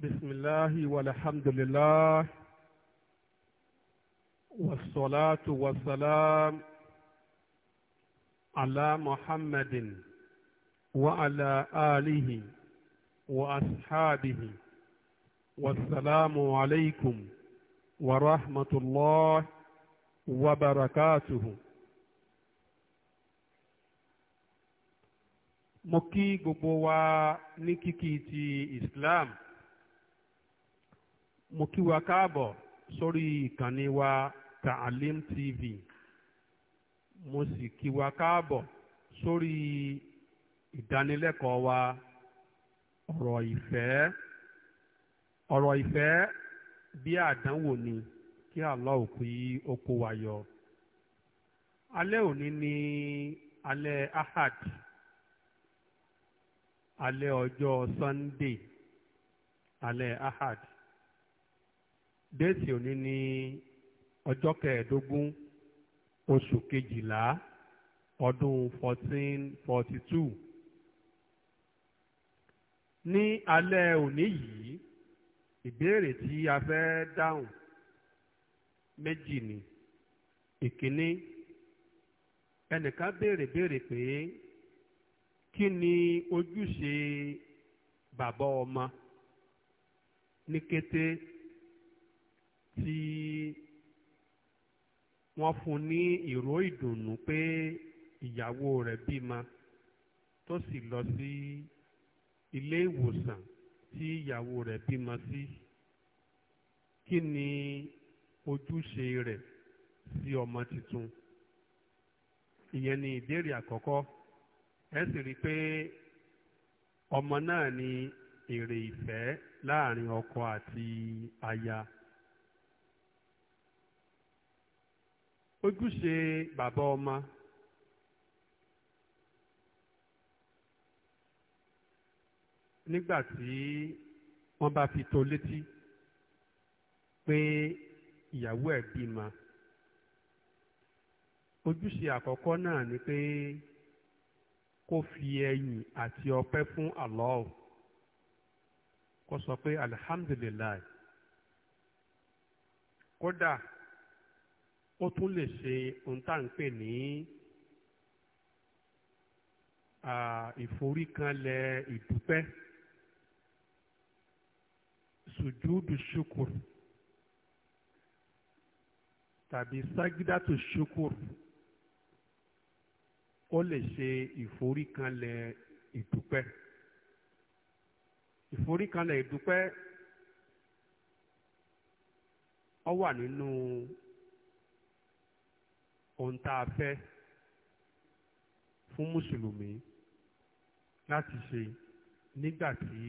بسم الله والحمد لله والصلاة والسلام على محمد وعلى آله وأصحابه والسلام عليكم ورحمة الله وبركاته مكي kí gbogbo إسلام ní mo kí wa káàbọ̀ sórí ìkànnì wa Ta'alim TV mo sì kí wa káàbọ̀ sórí ìdánilẹ́kọ̀ọ́ wa ọ̀rọ̀ ìfẹ́ ọ̀rọ̀ ìfẹ́ bí àdánwò ni kí Allah ó kí ó kó wa yọ alẹ́ òní ni alẹ́ ahad alẹ́ ọjọ́ Sunday alẹ́ ahad déètì òní ní ọjọ́ kẹẹ̀ẹ́dógún oṣù kejìlá ọdún fourteen forty two ní alẹ́ òní yìí ìbéèrè tí a fẹ́ dáhùn méjì ni ìkíní ẹnìkan béèrè béèrè pé kí ni ojúṣe bàbá ọmọ ní kété tí wọ́n fún ní ìró ìdùnnú pé ìyàwó rẹ̀ bímọ tó sì lọ sí ilé ìwòsàn tí ìyàwó rẹ̀ bímọ sí kí ni ojúṣe rẹ̀ sí ọmọ tuntun ìyẹn ni ìbéèrè àkọ́kọ́ ẹ sì rí i pé ọmọ náà ni èrè ìfẹ́ láàrin ọkọ àti aya. ojúṣe bàbá ọmọ nígbà tí wọ́n bá fi tó létí pé ìyàwó ẹ̀ bímọ ojúṣe àkọ́kọ́ náà ni pé kó fi ẹyìn àti ọpẹ́ fún Allah kó sọ pé alihamdulilayi kódà ó tún lè ṣe ohun tá à ń pè ní ìforíkanlẹ̀ ìdúpẹ́ sùjúdù ṣukur tàbí ságídàtù ṣukur ó lè ṣe ìforíkanlẹ̀ ìdúpẹ́ ìforíkanlẹ̀ ìdúpẹ́ ó wà nínú. No ohun tá a fẹ́ fún mùsùlùmí láti ṣe nígbà tí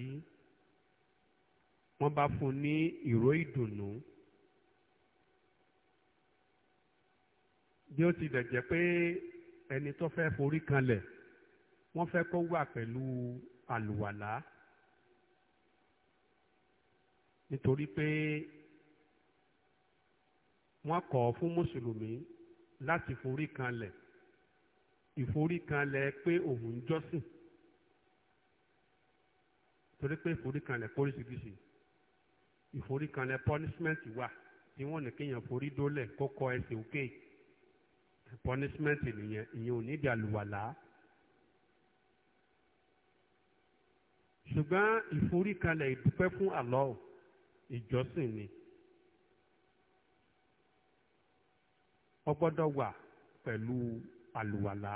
wọ́n bá fún ní ìró ìdùnnú bí ó ti dẹ̀ jẹ́ pé ẹni tó fẹ́ forí kanlẹ̀ wọ́n fẹ́ kó wà pẹ̀lú àlùwàlá nítorí pé wọ́n kọ̀ fún mùsùlùmí láti forí kanlẹ̀ ìforí kanlẹ̀ pé òun ń jọ́sìn torí pé ìforí kanlẹ̀ póríṣiríṣi ìforí kanlẹ̀ punishment wà tí wọ́n ní kéèyàn forí dólẹ̀ kó kọ ẹsẹ̀ òkè punishment nìyẹn ìyẹn ò ní ìdí àlùwàlá. ṣùgbọ́n ìforí kanlẹ̀ ìdúpẹ́ fún Allah ìjọ́sìn ni. ó gbọ́dọ̀ wà pẹ̀lú àlùwàlá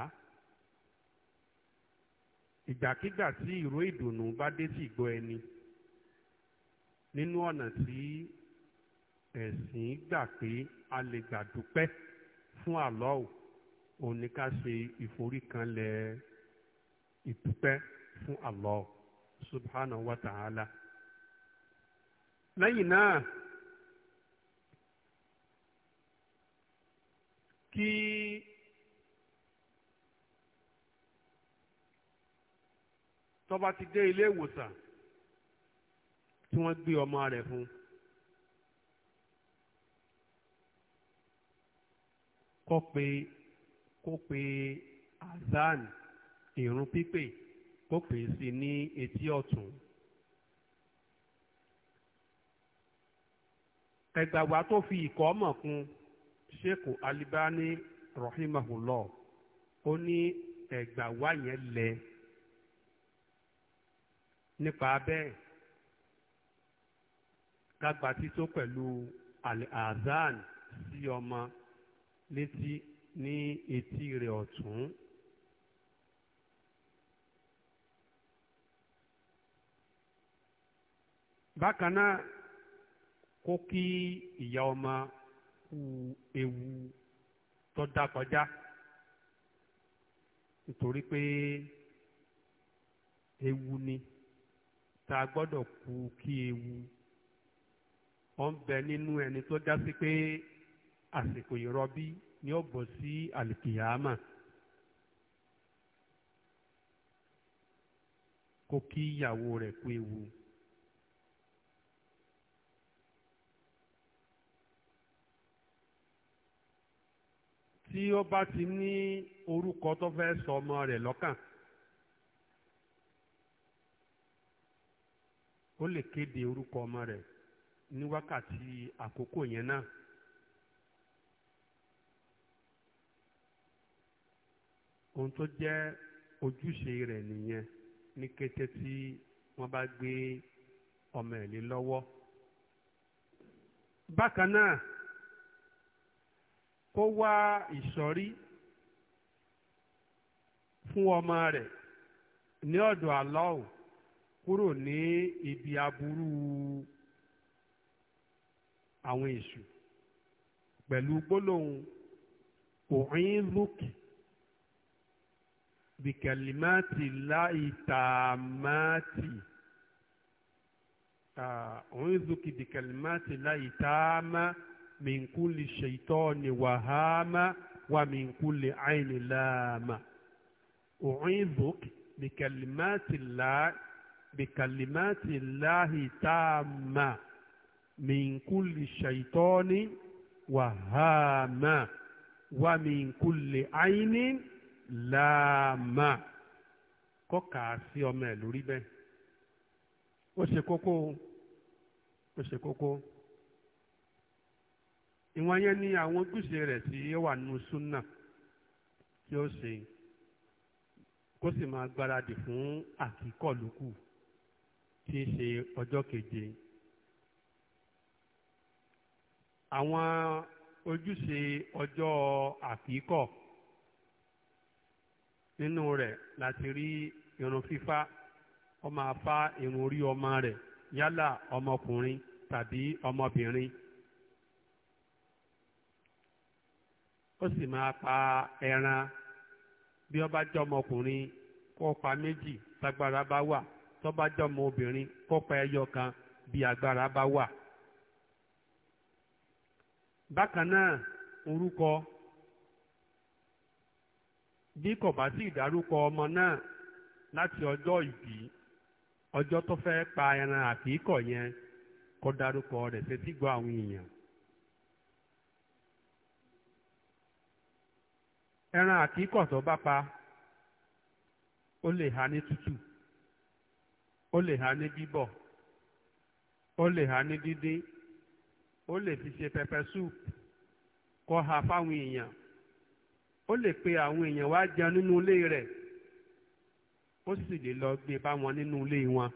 ìgbàkigbà tí ìró ìdùnnú bá dé sí ìgbọ́ ẹni nínú ọ̀nà tí ẹ̀sìn gbà pé a lè gbà fún àlọ́ọ̀ òun ni ká ṣe ìforíkanlẹ̀ ìdúpẹ́ fún àlọ́ọ̀ subhanahu wa ta'ala lẹ́yìn náà tí tó bá ti dé ilé ìwòsàn tí wọ́n gbé ọmọ rẹ̀ fún kó pe kó pe azan ìrun pípè kó pè é sí ní etí ọ̀tún. ẹ̀gbàgbà tó fi ìkọ́ mọ̀ kún un sheikh alibani rahimahullah ó ní ẹ̀gbà wá yẹn lẹ nípa bẹ́ẹ̀ kágbà tító pẹ̀lú al-azan sí ọmọ létí ní etí rẹ̀ ọ̀tún. bákan náà kó kí ìyá ọmọ ku ewu tó dá kọjá nítorí pé ewu ni tá a gbọ́dọ̀ ku kí ewu ó ń bẹ nínú ẹni tó dá sí pé àsìkò ìrọbí ni ó bọ̀ sí àlìkìyàmà. kó kí ìyàwó rẹ̀ kú ewu tí ó bá ti ní orúkọ tó fẹ́ sọ ọmọ rẹ̀ lọ́kàn ó lè kéde orúkọ ọmọ rẹ̀ ní wákàtí àkókò yẹn náà. ohun tó jẹ́ ojúṣe rẹ̀ nìyẹn ní kété tí wọ́n bá gbé ọmọ ẹ̀ lé lọ́wọ́. bákan náà kó wá ìsọ̀rí fún ọmọ rẹ̀ ní ọ̀dọ̀ Allah kúrò ní ibi aburú àwọn èṣù pẹ̀lú gbólóhùn u'idhuki bìkẹ̀lìmáàtì láìtàmáàtì ah, u'idhuki bìkẹ̀lìmáàtì láìtàmáàtì min kulli shaytani wahama wa min kulli ayni laama u'idhuk bikalimati llahi bikalimati llahi taama min kulli shaytani wahama wa min kulli ayni laama kọ́ka sí ọmọ ẹ̀ lórí bẹ́ẹ̀ ó ṣe kókó ó ṣe kókó ìwọ̀n yẹn ni àwọn ojúṣe rẹ̀ tí ó wà nínú súnà tí ó ṣe kó sì máa gbáradì fún àkíkọ̀lùkù tí í ṣe ọjọ́ keje àwọn ojúṣe ọjọ́ àkíkọ̀ nínú rẹ̀ láti rí irun fífá ó máa irun orí ọmọ rẹ̀ yálà ọmọkùnrin tàbí ọmọbìnrin ó sì máa pa ẹran bí ó bá jẹ́ ọmọkùnrin kó pa méjì tágbára bá wà tó bá jẹ́ ọmọ obìnrin kó pa ẹyọ kan bí agbára bá wà. bákan náà orúkọ bí kò bá sí ìdárúkọ ọmọ náà láti ọjọ́ ìbí ọjọ́ tó fẹ́ pa ẹran àkíkọ̀ yẹn kó dárúkọ rẹ̀ sétígbọ́ àwọn èèyàn. ẹran àkíkọ̀ tó bá pa ó lè ha ní tútù ó lè ha ní bíbọ̀ ó lè ha ní dídín ó lè fi ṣe pẹpẹ soup kọ ha fáwọn èèyàn ó lè pe àwọn èèyàn wá jẹun nínú ilé o ó sì lè lọ gbé bá wọn nínú ilé wọn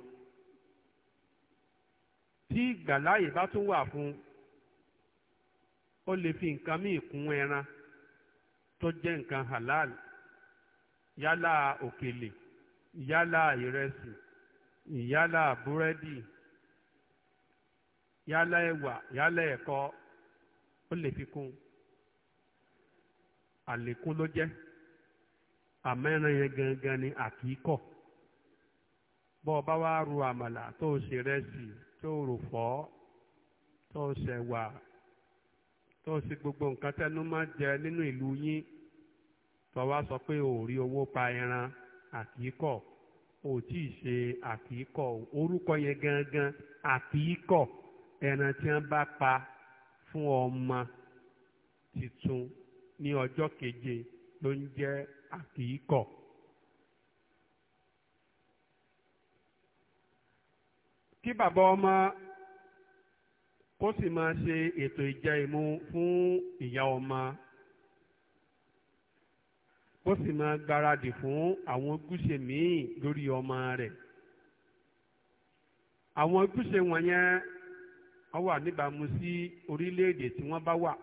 tí ìgbàláyè bá tún wà fún un ó lè fi nǹkan míì kún ẹran. tó jẹ́ nǹkan halal yálà òkèlè yálà ìrẹsì yálà búrẹ́dì yálà ẹ̀wà yálà ẹ̀kọ ó lè fi kún àlékún ló jẹ́ àmẹ́rin yẹn gangan ni àkíkọ̀ bọ́ ọ bá wá ru àmàlà tó o ṣe rẹ́sì tó o rò fọ́ tó o ṣẹ̀wà tó gbogbo nǹkan tẹnu máa jẹ nínú ìlú yín tọwa sọ pé ò rí owó pa ẹran àkíkọ̀ ò tí ì ṣe àkíkọ̀ orúkọ yẹn gangan àkíkọ̀ ẹran tí wọ́n bá pa fún ọmọ titun ní ọjọ́ keje ló ń jẹ́ àkíkọ̀. kí bàbá ọmọ kó sì máa ṣe ètò ìjẹ ìmu fún ìyá ọmọ kó sì máa gbáradì fún àwọn ojúṣe míì lórí ọmọ rẹ̀ àwọn ojúṣe wọ̀nyẹn ó wà níbàámu sí orílẹ̀-èdè tí wọ́n bá wà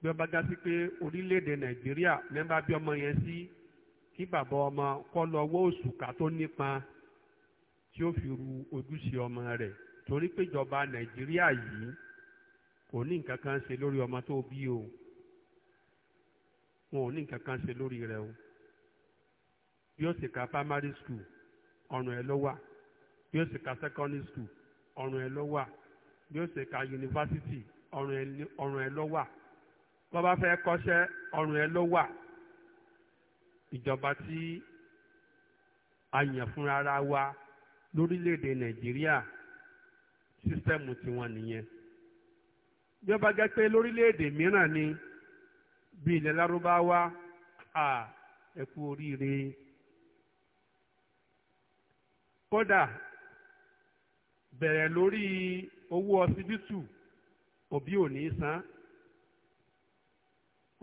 bí ọba já sí pé orílẹ̀ nàìjíríà mẹ́mbà bí ọmọ yẹn sí kí bàbá ọmọ kọ́ lọ wọ́ òṣùkà tó nípa tí ó fi ru ojúṣe ọmọ rẹ̀ torí pé ìjọba nàìjíríà yìí kò ní nǹkan kan ṣe lórí ọmọ tó bí o wọn ò ní nǹkan kan ṣe lórí rẹ o bí ó sì ka primary school ọ̀ràn ẹ̀ ló wà bí ó sì ka secondary school ọ̀ràn ẹ̀ ló wà bí ó sì ka yunifásitì ọ̀ràn ẹ̀ ló wà bó bá fẹ́ kọ́ṣẹ́ ọ̀ràn ẹ̀ ló wà ìjọba tí a yàn fúnra wa lórílẹ̀‐èdè nàìjíríà sísẹ́mù tiwọn nìyẹn bí ó bá jẹ́ pé lórílẹ̀‐èdè mìíràn ni bí ilẹ̀ lárúbáwá à ẹ kú oríire kódà bẹ̀rẹ̀ lórí owó ọsibítù òbí ò ní san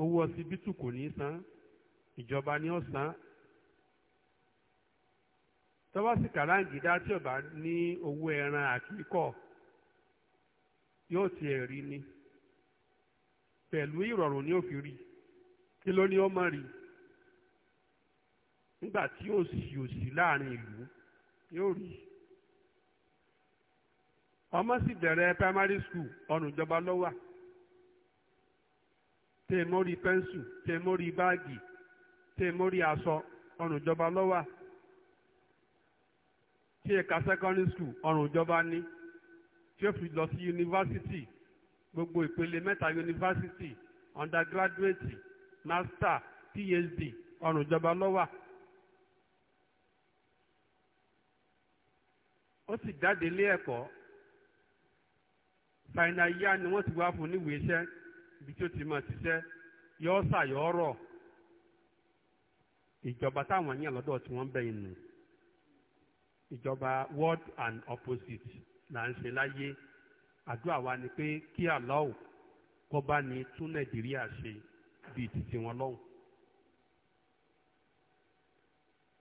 owó ọsibítù kò ní san ìjọba ni ó san tọ́wọ́sì kàráǹgídá tí ó bá ní owó ẹran àkíkọ́ yóò tiẹ̀ rí ni pẹ̀lú ìrọ̀rùn ni ó fi rí kí ló ní ó má rí nígbà tí yóò sì láàrin ìlú yóò rí ọmọ sì bẹ̀rẹ̀ primary school ọ̀nà ìjọba lọ́wà tẹ mórí pẹ́ńsù tẹ mórí báàgì tẹ mórí aṣọ ọ̀nà ìjọba lọ́wà tí ẹ̀ka secondary school ọ̀nà ìjọba ní. tí ó fi lọ sí yunifásitì gbogbo ìpele mẹ́ta yunifásitì undergraduate master phd ọ̀rùn ìjọba lọ́wà. ó sì jáde ilé ẹ̀kọ́ fàìnà yá ni wọ́n ti wá fún níwèé iṣẹ́ ibi tí ó ti máa ṣiṣẹ́ yọ ṣàyọ̀ ọ̀rọ̀ ìjọba táwọn yàn lọ́dọ̀ tí wọ́n ń bẹ̀yìn nù ìjọba word and opposite. là ń ṣe láyé àdúrà wa ni pé kí Allah kó bá ní tún nàìjíríà ṣe bíi títí wọn lọ́hùn.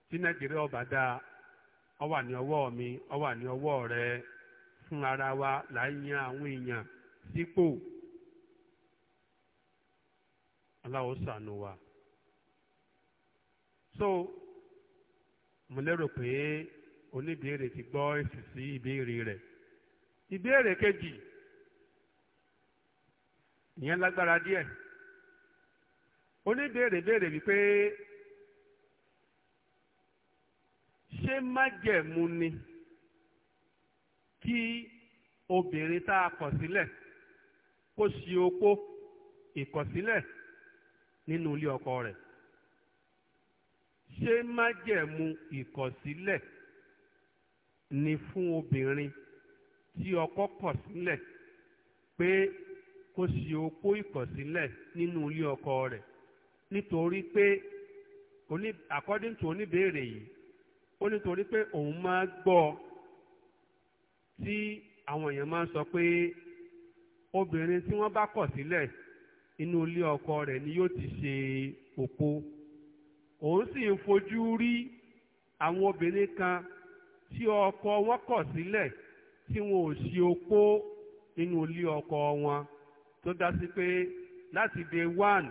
tí nàìjíríà ọba dá ọ wà ní ọwọ́ mi ọ wà ní ọwọ́ rẹ fún ara wa là ń yan àwọn èèyàn sípò Allah ó wa. so mo lérò pé oníbèrè ti gbọ́ èsì sí ìbéèrè rẹ̀. ìbéèrè kejì ìyẹn lágbára díẹ̀ oníbéèrè béèrè wípé ṣé májẹ̀mú ni kí obìnrin tá a kọ̀ sílẹ̀ kó ṣe opó ìkọ̀sílẹ̀ nínú ilé ọkọ rẹ̀ ṣé májẹ̀mú ìkọ̀sílẹ̀ ni fún obìnrin tí ọkọ kọ̀ sílẹ̀ pé kó ṣe opó ìkọ̀sílẹ̀ nínú ilé ọkọ rẹ̀ nítorí pé according to oníbèrè yìí ó nítorí pé òun máa gbọ́ tí àwọn èèyàn máa ń sọ pé obìnrin tí wọ́n bá kọ̀ sílẹ̀ inú ilé ọkọ rẹ̀ ni yóò ti ṣe opó òun sì ń fojú rí àwọn obìnrin kan tí ọkọ wọn kọ̀ sílẹ̀. Si tí wọn ò sí opó nínú ilé ọkọ wọn tó dá sí pé láti day one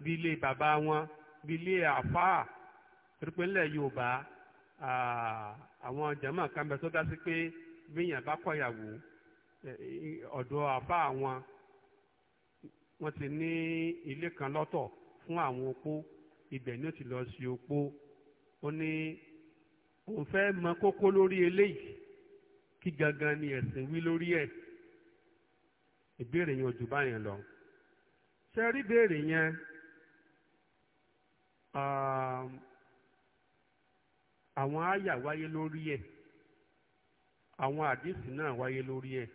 bí ilé bàbá wọn bí ilé àfáà torípé ńlẹ̀ Yorùbá àwọn jàmáà kan bẹ tó dá sí pé bíyàn bá kọ̀yàwó ọ̀dọ̀ àfáà wọn wọ́n ti ní ilé kan lọ́tọ̀ fún àwọn opó ibẹ̀ ni ó ti lọ sí opó ó ní òun fẹ́ mọ kókó lórí eléyìí kí gangan ni ẹ̀sìn wí lórí ẹ̀ ìbéèrè yẹn ò jù báyẹn lọ ṣe rí béèrè yẹn àwọn àyà wáyé lórí ẹ̀ àwọn àdìsí náà wáyé lórí ẹ̀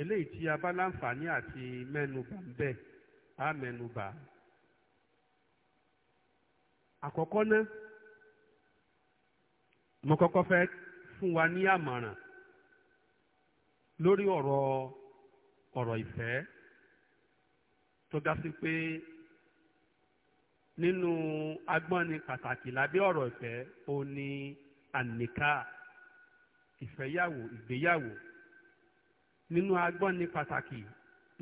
eléyìí tí a bá láǹfààní àti mẹ́nubà ń á mẹ́nubà àkọ́kọ́ náà mo kọ́kọ́ fẹ́ fún wa ní àmọ̀ràn lórí ọ̀rọ̀ ọ̀rọ̀ ìfẹ́ tó ga sí pé nínú agbọ́nni pàtàkì lábẹ́ ọ̀rọ̀ ìfẹ́ ó ní àníká ìfẹ́yàwó ìgbéyàwó nínú agbọ́nni pàtàkì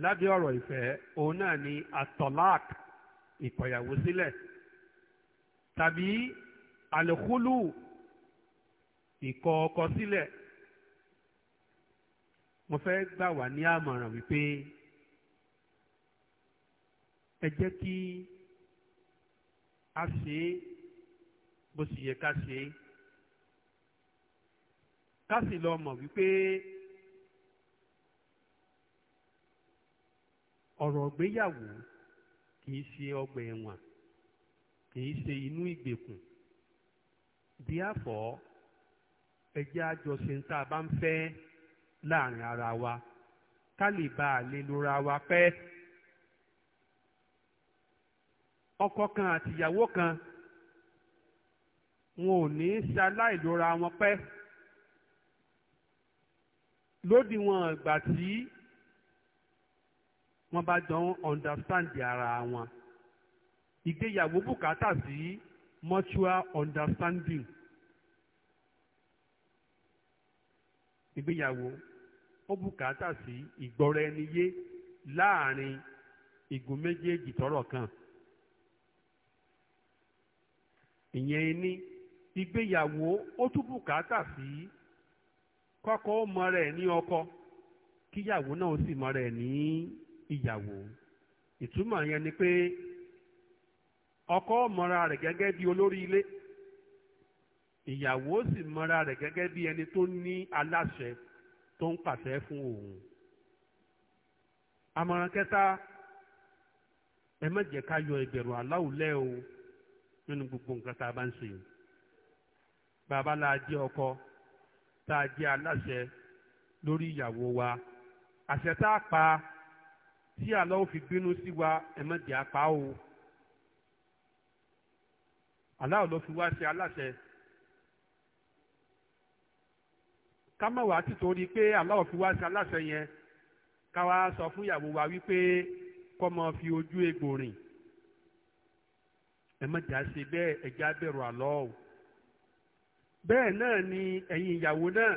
lábẹ́ ọ̀rọ̀ ìfẹ́ òun náà ni atọ́lák ìkọ̀yàwó sílẹ̀ tàbí àlùkùlù ìkọ̀ ọkọ mo fẹ́ gbà wá ní àmọ̀ràn wípé ẹ jẹ́ kí a ṣe é bó sì yẹ ká ṣe é ká sì lọ mọ̀ wípé ọ̀rọ̀ ìgbéyàwó kì í ṣe ọgbà ẹ̀wọ̀n kì í ṣe inú ìgbèkùn díàfọ́ ẹjẹ́ àjọṣe tá a bá ń fẹ́ láàrin ara wa ká lè bá a lè lora wa pẹ́. ọkọ kan àtìyàwó kan wọn ò ní í ṣaláìlora wọn pẹ́ lódiwọ̀n ìgbà tí wọ́n bá jọ ń understand ara wọn ìgbéyàwó bùkátà sí mutual understanding. ìgbéyàwó ó bùkátà sí ìgbọ́ra ẹni yé láàrin igun méjèèjì tọ́rọ̀ kan ìyẹn ni ìgbéyàwó ó tún bùkátà sí kọ́kọ́ ó mọ rẹ̀ ní ọkọ kíyàwó náà ó sì mọ rẹ̀ ní ìyàwó ìtumọ̀ yẹn ni pé ọkọ mọra rẹ̀ gẹ́gẹ́ bí olórí ilé. ìyàwó sì mọ́ra rẹ̀ gẹ́gẹ́ bí ẹni tó ní aláṣẹ tó ń pàṣẹ fún òun àmọ̀ràn kẹta ẹ má jẹ́ ká yọ ìbẹ̀rù aláwùlẹ́ o nínú gbogbo nǹkan tá a bá ń ṣe bàbá la jẹ́ ọkọ tá a jẹ́ aláṣẹ lórí ìyàwó wa àṣẹ tá a pa tí aláwọ̀ fi bínú sí wa ẹ má jẹ́ apá o aláwọ̀ fi wá ṣe aláṣẹ. ká má wàá ti torí pé aláwọ̀ fi wá sí aláṣẹ yẹn ká wá sọ fún ìyàwó wa wípé kọ́ mọ fi ojú egbò rìn ẹ má jà ṣe bẹ́ẹ̀ ẹ̀já bẹ̀rù àlọ́ o bẹ́ẹ̀ náà ni ẹ̀yin ìyàwó náà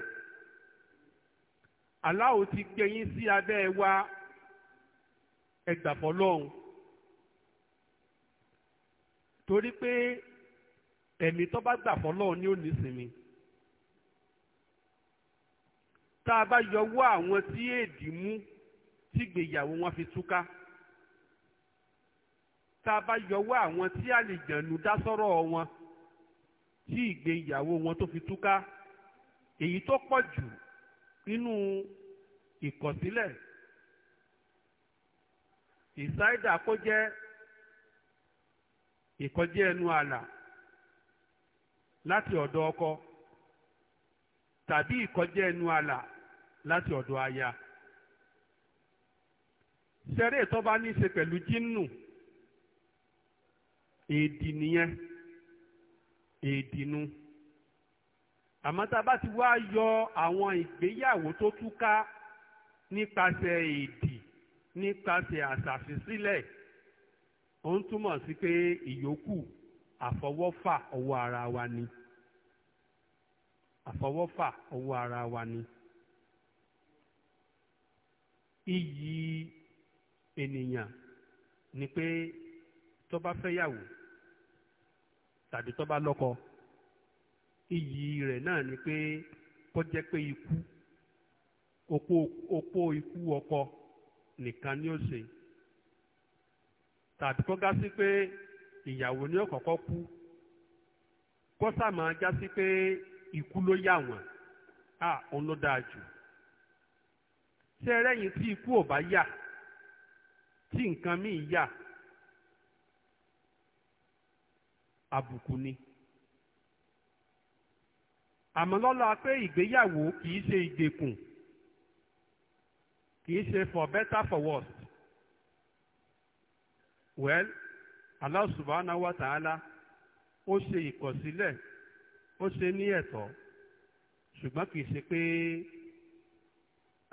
aláwo ti gbé yín sí abẹ́ ẹ wá ẹgbàfọ́ lọ́hùn torí pé ẹ̀mí tó bá gbàfọ́ lọ́hùn ni ó nísinmi tá a bá yọwọ́ àwọn tí èdè mú tígbéyàwó wọn fi túká tá a bá yọwọ́ àwọn tí àlejànú dá sọ́rọ̀ wọn tí ìgbéyàwó wọn tó fi túká èyí tó pọ̀ jù nínú ìkọ̀sílẹ̀ ìsáídà kó jẹ́ ìkọjẹ́ ẹnu àlà láti ọ̀dọ̀ ọkọ tàbí ìkọjẹ́ ẹnu àlà láti ọ̀dọ̀ aya ṣeré tó bá ní í ṣe pẹ̀lú jínù èdì nìyẹn èdì nu àmọ́ tá a bá ti wá yọ àwọn ìgbéyàwó tó túká nípasẹ̀ èdì nípasẹ̀ àṣàfisílẹ̀ ó ń túmọ̀ sí pé ìyókù àfọwọ́fà ọwọ́ ara wa ni àfọwọ́fà ọwọ́ ara wa ni. iyì ènìyàn ni pé tó bá fẹ́yàwó tàbí tó bá lọ́kọ iyì rẹ̀ náà ni pé kó jẹ́ pé ikú opó opó ikú ọkọ nìkan ni ó ṣe tàbí kó gá sí pé ìyàwó ni ó kọ́kọ́ kú kó sàmà já sí pé ikú ló yà wọ́n à òun ló dáa jù. ṣé tí ikú ò bá yà tí nǹkan míì yà àbùkù ni àmọ́ lọ́la pé ìgbéyàwó kìí ṣe ìgbèkùn kìí ṣe for better for worse well Allah subhanahu wa ta'ala ó ṣe ìkọ̀sílẹ̀ ó ṣe ní ẹ̀tọ́ ṣùgbọ́n kìí ṣe pé.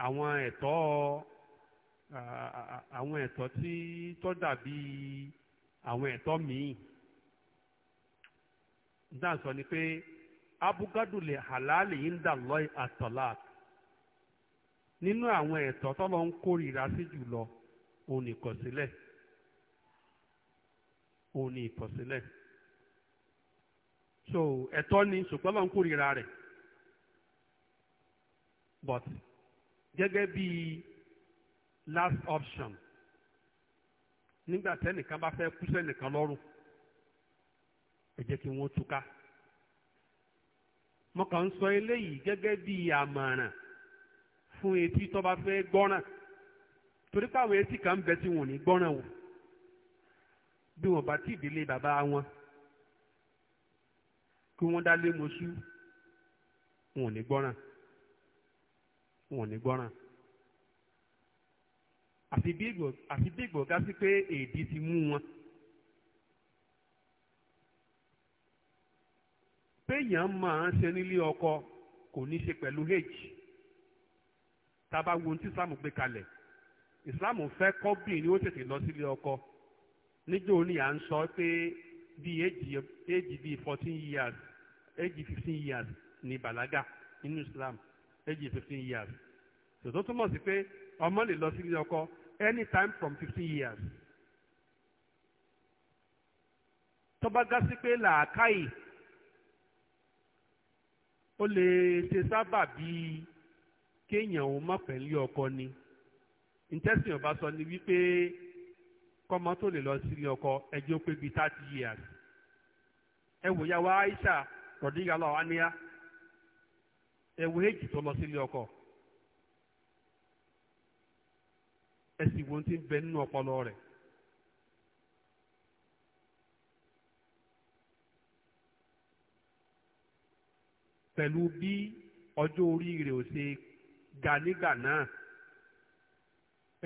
àwọn ẹ̀tọ́ àwọn ẹ̀tọ́ tí tó dàbí àwọn ẹ̀tọ́ míì dáà sọ ni pé abugadule halali ń dà lọ́ọ̀ àtọ̀lá nínú àwọn ẹ̀tọ́ tọ́lọ́ ń kórìíra sí jùlọ òun ni ìkọ̀sílẹ̀ òun ni ìkọ̀sílẹ̀ so ẹ̀tọ́ ni ṣùgbọ́n lọ́n kórìíra rẹ̀ but gẹ́gẹ́ bí last option nígbà tẹ́nìkan bá fẹ́ kú sẹ́nìkan lọ́rùn ẹ jẹ́ kí wọ́n túká mo kàn ń sọ eléyìí gẹ́gẹ́ bí àmọ̀ràn fún etí tó bá fẹ́ gbọ́ràn torí páwọn etí kan ń bẹ tí wọn ní gbọ́ràn wò bí wọn bá tí ìdílé bàbá wọn kí wọ́n dá lé mọ́ṣú wọn ní gbọ́ràn. wọn ò ní gbọ́ràn àfi bí ìgbọ̀gá pé èdè ti mú wọn. péèyàn máa ń ṣe ọkọ kò ní ṣe pẹ̀lú h taba wo tí islam gbé kalẹ̀ islam fẹ́ kọ́bìnrin ó tètè lọ sílé ọkọ níjó ni à ń sọ pé bi éjì fourteen years eji fifteen years ni balaga nínú islam age fifteen years So, tòtó túmọ̀ sí pé ọmọ lè lọ sí ilé ọkọ anytime from fifteen years tó bá gá sí pé làákàyè ó lè ṣe sábà bíi kéèyàn ò má pẹ̀ lé ọkọ ni ìtẹ́sìn ọba sọ ni wípé kọ́mọ tó lè lọ sí ilé ọkọ ẹjọ́ pé bíi thirty years ẹ wòyàwó Aisha rọ̀díyàlọ́ aníyá ẹ̀wù èjì tó lọ sílé ọkọ ẹ sì ti ń bẹ nínú ọpọlọ rẹ pẹ̀lú bí ọjọ orí rẹ̀ ò ṣe ga nígbà náà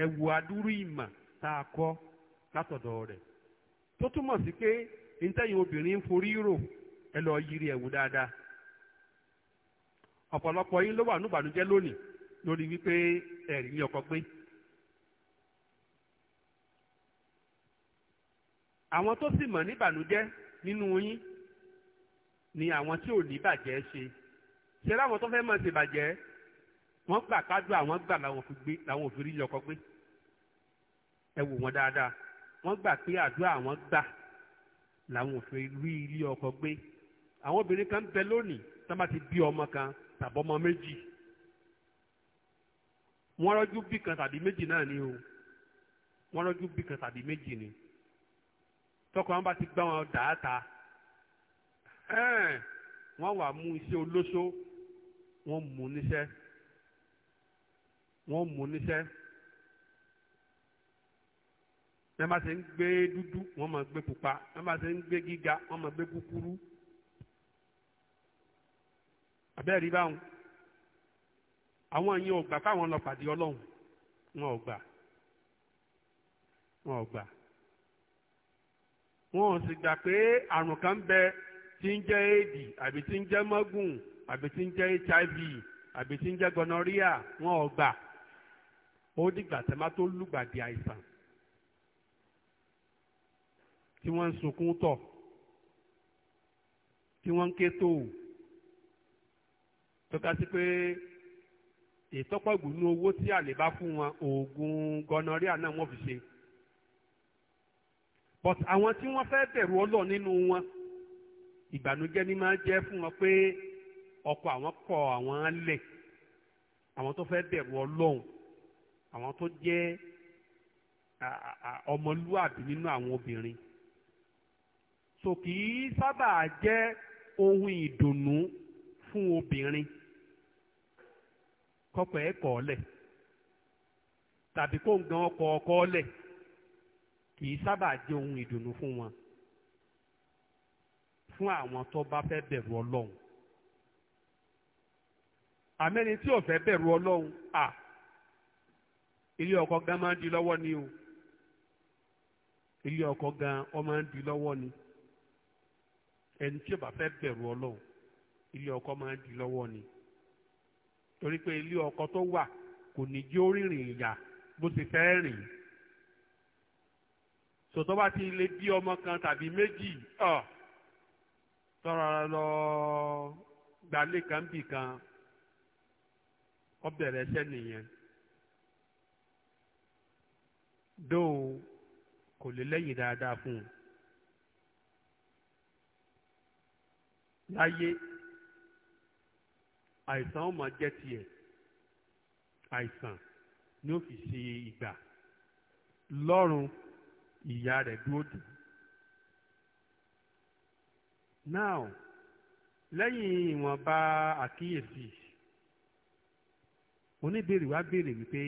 ẹ wo adúrú ìmọ̀ tá a kọ́ látọ̀dọ̀ rẹ̀ tó túmọ̀ sí pé ntẹ́yìn obìnrin ń forí rò ẹ lọ yiri ẹ̀wù dáadáa. ọ̀pọ̀lọpọ̀ yín ló wà níbànújẹ́ lónìí lórí wípé ẹ̀rí ní ọkọ gbé. àwọn tó sì mọ̀ níbànújẹ́ nínú yín ni àwọn tí ò ní bàjẹ́ ṣe ṣe láwọn tó fẹ́ mọ̀ ṣe bàjẹ́ wọ́n gbà kádùn àwọn gbà làwọn òfin rí ní ọkọ gbé ẹ wò wọ́n dáadáa wọ́n gbà pé àdúrà àwọn gbà làwọn òfin rí ilé ọkọ gbé àwọn obìnrin kan ń bẹ lónìí tó bá ti bí ọmọ kan tàbọ́mọ méjì wọ́n rọ́jú bí kan tàbí méjì náà ni o wọ́n rọ́jú bí kan tàbí méjì ni tọkọ wọn bá ti gbá wọn dàáta wọ́n wà mú iṣẹ́ olóṣó wọ́n mú níṣẹ́ wọ́n mú níṣẹ́ bí ṣe ń gbé dúdú wọ́n máa gbé pupa bí ṣe ń gbé gíga wọ́n máa gbé kúkúrú àbẹ́ẹ̀rí báwọn àwọn yìí ò gbà káwọn lọ pàdé ọlọ́run wọn ò gbà wọn ò gbà wọn ò sì gbà pé àrùn kan bẹ tí ń jẹ́ éèdì àbí tí ń jẹ́ mọ́gùn àbí tí ń jẹ́ hiv àbí tí ń jẹ́ gonorrhea wọn ò gbà ó dìgbà tẹ́ má tó lùgbàdì àìsàn tí wọ́n ń sunkún tọ̀ tí wọ́n ń ké tó o tó ká sí pé ìtọ́pọ̀gbù ní owó tí àlè bá fún wọn oògùn gọnọríà náà wọ́n fi ṣe but àwọn tí wọ́n fẹ́ bẹ̀rù ọlọ́ nínú wọn ìbànújẹ́ ni máa jẹ́ fún wọn pé ọkọ àwọn kọ àwọn lẹ̀ àwọn tó fẹ́ bẹ̀rù ọlọ́run àwọn tó jẹ́ ọmọlúwàbí nínú àwọn obìnrin so kì í sábà jẹ́ ohun ìdùnnú fún obìnrin kọ́kọ́ ẹ̀ kọ́ lẹ̀ tàbí kó ń gan ọkọ̀ ọkọ̀ lẹ̀ kì í sábà jẹ́ ohun ìdùnnú fún wọn fún àwọn tó bá fẹ́ bẹ̀rù ọlọ́run àmẹ́ni tí ò fẹ́ bẹ̀rù ọlọ́run à ilé ọkọ gan máa ń di lọ́wọ́ ni o ilé ọkọ gan ọ máa ń di lọ́wọ́ ni ẹni tí ò bá fẹ́ bẹ̀rù ọlọ́run ilé ọkọ máa ń di lọ́wọ́ ni torí pé ilé ọkọ tó wà kò ní jí ó rìnrìn ìyà bó ti fẹ́ rìn sọ̀tọ́ bá ti lè bí ọmọ kan tàbí méjì ọ̀ tọ́ra lọ gbalé kan bì kan ọ ẹsẹ̀ nìyẹn dóò kò lè lẹ́yìn dáadáa fún un láyé àìsàn ó máa jẹ́ tiẹ̀ àìsàn ni ó fi ṣe ìgbà lọ́rùn ìyá rẹ̀ dúró dùn. now lẹ́yìn ìwọ̀nba àkíyèsí oníbèrè wá béèrè wípé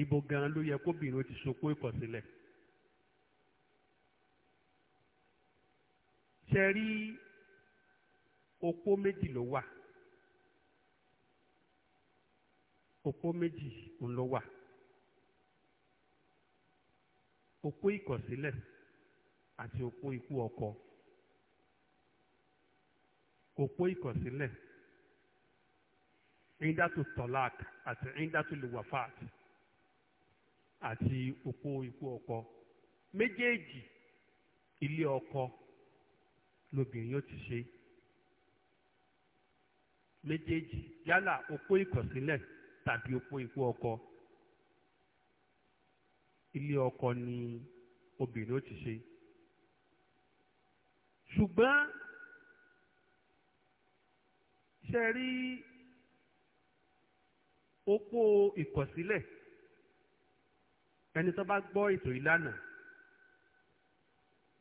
ibo gan ló yẹ kóbìnrin ó ti ṣopó ìkọ̀sílẹ̀. ṣe rí opó méjì ló wà opó méjì ń ló wà opó ìkọ̀sílẹ̀ àti opó ikú ọkọ opó ìkọ̀sílẹ̀ indatu tolak àti indatu liwafat àti opó ikú ọkọ méjèèjì ilé ọkọ lobìnrin yóò ti ṣe méjèèjì yálà opó ìkọ̀sílẹ̀ tàbí opó ikú ọkọ ilé ọkọ ni obìnrin ó ti ṣe ṣùgbọ́n ṣe rí opó ìkọ̀sílẹ̀ ẹni tó bá gbọ́ ètò ìlànà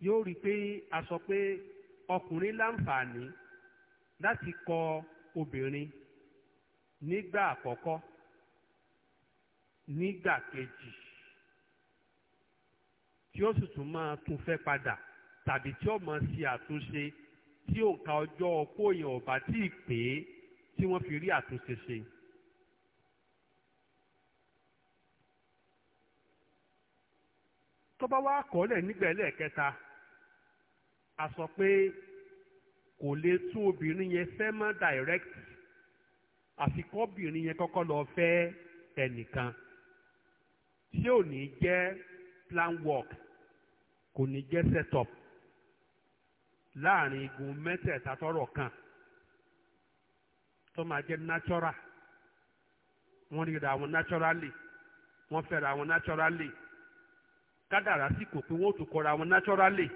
yóò rí i pé a sọ pé ọkùnrin láǹfààní láti kọ obìnrin nígbà àkọ́kọ́ nígbà kejì tí ó sì tún máa tún fẹ́ padà tàbí tí ó máa ṣe àtúnṣe tí òǹkà ọjọ́ ọkọ yẹn ò bá tí ì pé tí wọ́n fi rí àtúnṣe ṣe. tó bá wá kọ́lẹ̀ nígbà ẹlẹ́ẹ̀kẹta a sọ pé kò lè tún obìnrin yẹn fẹ́ mọ́ direct àfi kọ́bìnrin yẹn kọ́kọ́ lọ fẹ́ ẹnìkan tí ò ní jẹ́ plan work kò ní jẹ́ set up láàrin igun mẹ́tẹ̀ẹ̀ta tọ́rọ̀ kan tó máa jẹ́ natural wọ́n ríra wọn naturally wọ́n fẹ́ra wọn naturally kádàrá sì kò pé wọ́n ò tún kọ́ra wọn naturally.